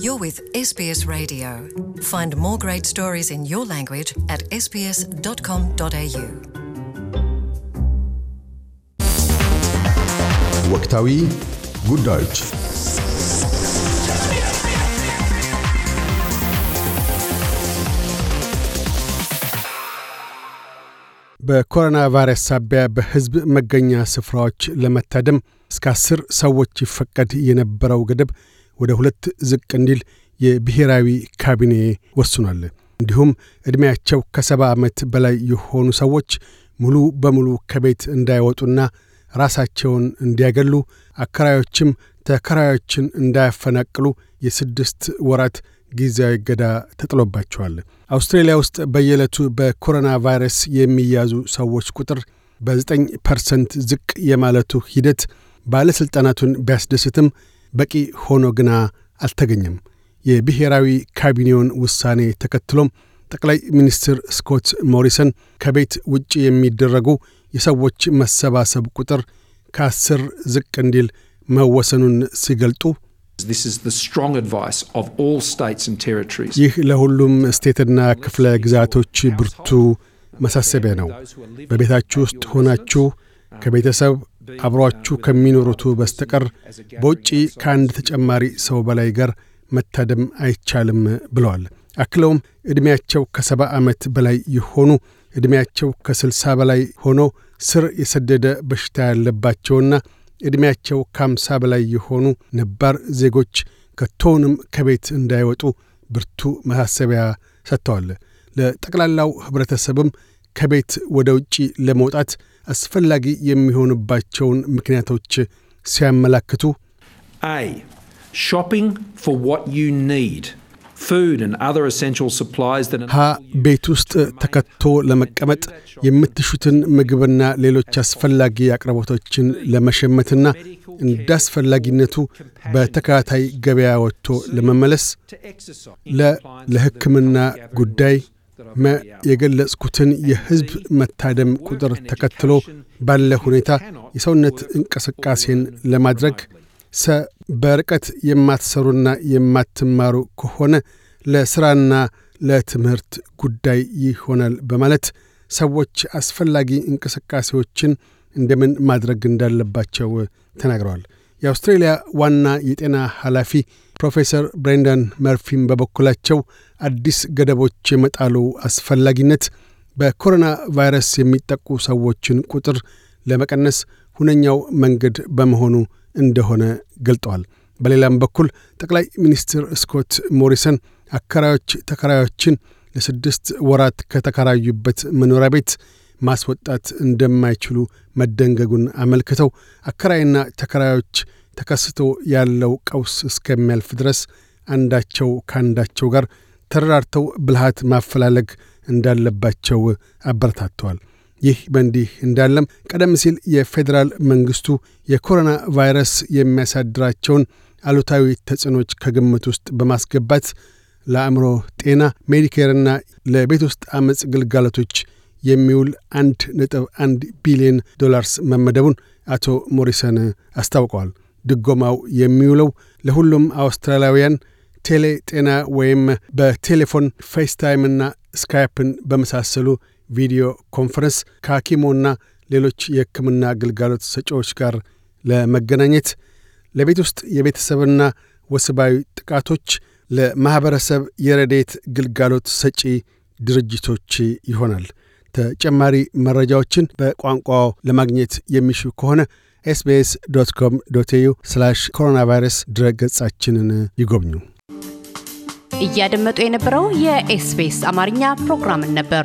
You're with SBS Radio. Find more great stories in your language at sbs.com.au. ወቅታዊ ጉዳዮች በኮሮና ቫይረስ ሳቢያ በሕዝብ መገኛ ስፍራዎች ለመታደም እስከ አስር ሰዎች ይፈቀድ የነበረው ገደብ ወደ ሁለት ዝቅ እንዲል የብሔራዊ ካቢኔ ወስኗል። እንዲሁም ዕድሜያቸው ከሰባ ዓመት በላይ የሆኑ ሰዎች ሙሉ በሙሉ ከቤት እንዳይወጡና ራሳቸውን እንዲያገሉ አከራዮችም ተከራዮችን እንዳያፈናቅሉ የስድስት ወራት ጊዜያዊ እገዳ ተጥሎባቸዋል። አውስትሬሊያ ውስጥ በየዕለቱ በኮሮና ቫይረስ የሚያዙ ሰዎች ቁጥር በ9 ፐርሰንት ዝቅ የማለቱ ሂደት ባለሥልጣናቱን ቢያስደስትም በቂ ሆኖ ግና አልተገኘም። የብሔራዊ ካቢኔውን ውሳኔ ተከትሎም ጠቅላይ ሚኒስትር ስኮት ሞሪሰን ከቤት ውጭ የሚደረጉ የሰዎች መሰባሰብ ቁጥር ከአስር ዝቅ እንዲል መወሰኑን ሲገልጡ ይህ ለሁሉም ስቴትና ክፍለ ግዛቶች ብርቱ መሳሰቢያ ነው። በቤታችሁ ውስጥ ሆናችሁ ከቤተሰብ አብሯችሁ ከሚኖሩቱ በስተቀር በውጪ ከአንድ ተጨማሪ ሰው በላይ ጋር መታደም አይቻልም ብለዋል። አክለውም ዕድሜያቸው ከሰባ ዓመት በላይ የሆኑ ዕድሜያቸው ከስልሳ በላይ ሆኖ ስር የሰደደ በሽታ ያለባቸውና ዕድሜያቸው ከአምሳ በላይ የሆኑ ነባር ዜጎች ከቶውንም ከቤት እንዳይወጡ ብርቱ ማሳሰቢያ ሰጥተዋል። ለጠቅላላው ኅብረተሰብም ከቤት ወደ ውጭ ለመውጣት አስፈላጊ የሚሆንባቸውን ምክንያቶች ሲያመላክቱ ኤ ሾፒንግ ፎር ዋት ዩ ኒድ ሀ ቤት ውስጥ ተከቶ ለመቀመጥ የምትሹትን ምግብና ሌሎች አስፈላጊ አቅርቦቶችን ለመሸመትና እንደ አስፈላጊነቱ በተከታታይ ገበያ ወጥቶ ለመመለስ ለ ለሕክምና ጉዳይ የገለጽኩትን የሕዝብ መታደም ቁጥር ተከትሎ ባለ ሁኔታ የሰውነት እንቅስቃሴን ለማድረግ ሰ በርቀት የማትሰሩና የማትማሩ ከሆነ ለሥራና ለትምህርት ጉዳይ ይሆናል በማለት ሰዎች አስፈላጊ እንቅስቃሴዎችን እንደምን ማድረግ እንዳለባቸው ተናግረዋል። የአውስትሬሊያ ዋና የጤና ኃላፊ ፕሮፌሰር ብሬንደን መርፊም በበኩላቸው አዲስ ገደቦች የመጣሉ አስፈላጊነት በኮሮና ቫይረስ የሚጠቁ ሰዎችን ቁጥር ለመቀነስ ሁነኛው መንገድ በመሆኑ እንደሆነ ገልጠዋል። በሌላም በኩል ጠቅላይ ሚኒስትር ስኮት ሞሪሰን አከራዮች ተከራዮችን ለስድስት ወራት ከተከራዩበት መኖሪያ ቤት ማስወጣት እንደማይችሉ መደንገጉን አመልክተው አከራይና ተከራዮች ተከስቶ ያለው ቀውስ እስከሚያልፍ ድረስ አንዳቸው ከአንዳቸው ጋር ተረራርተው ብልሃት ማፈላለግ እንዳለባቸው አበረታተዋል። ይህ በእንዲህ እንዳለም ቀደም ሲል የፌዴራል መንግስቱ የኮሮና ቫይረስ የሚያሳድራቸውን አሉታዊ ተጽዕኖች ከግምት ውስጥ በማስገባት ለአእምሮ ጤና ሜዲኬርና ለቤት ውስጥ አመፅ ግልጋሎቶች የሚውል 1.1 ቢሊዮን ዶላርስ መመደቡን አቶ ሞሪሰን አስታውቀዋል። ድጎማው የሚውለው ለሁሉም አውስትራሊያውያን ቴሌ ጤና ወይም በቴሌፎን ፌስታይምና ስካይፕን በመሳሰሉ ቪዲዮ ኮንፈረንስ ከሐኪሞና ሌሎች የሕክምና አገልጋሎት ሰጪዎች ጋር ለመገናኘት፣ ለቤት ውስጥ የቤተሰብና ወስባዊ ጥቃቶች፣ ለማኅበረሰብ የረዴት ግልጋሎት ሰጪ ድርጅቶች ይሆናል። ተጨማሪ መረጃዎችን በቋንቋው ለማግኘት የሚሹ ከሆነ ኤስቢኤስ ዶት ኮም ዶት ኤዩ ስላሽ ኮሮና ቫይረስ ድረገጻችንን ይጎብኙ። እያደመጡ የነበረው የኤስቢኤስ አማርኛ ፕሮግራምን ነበር።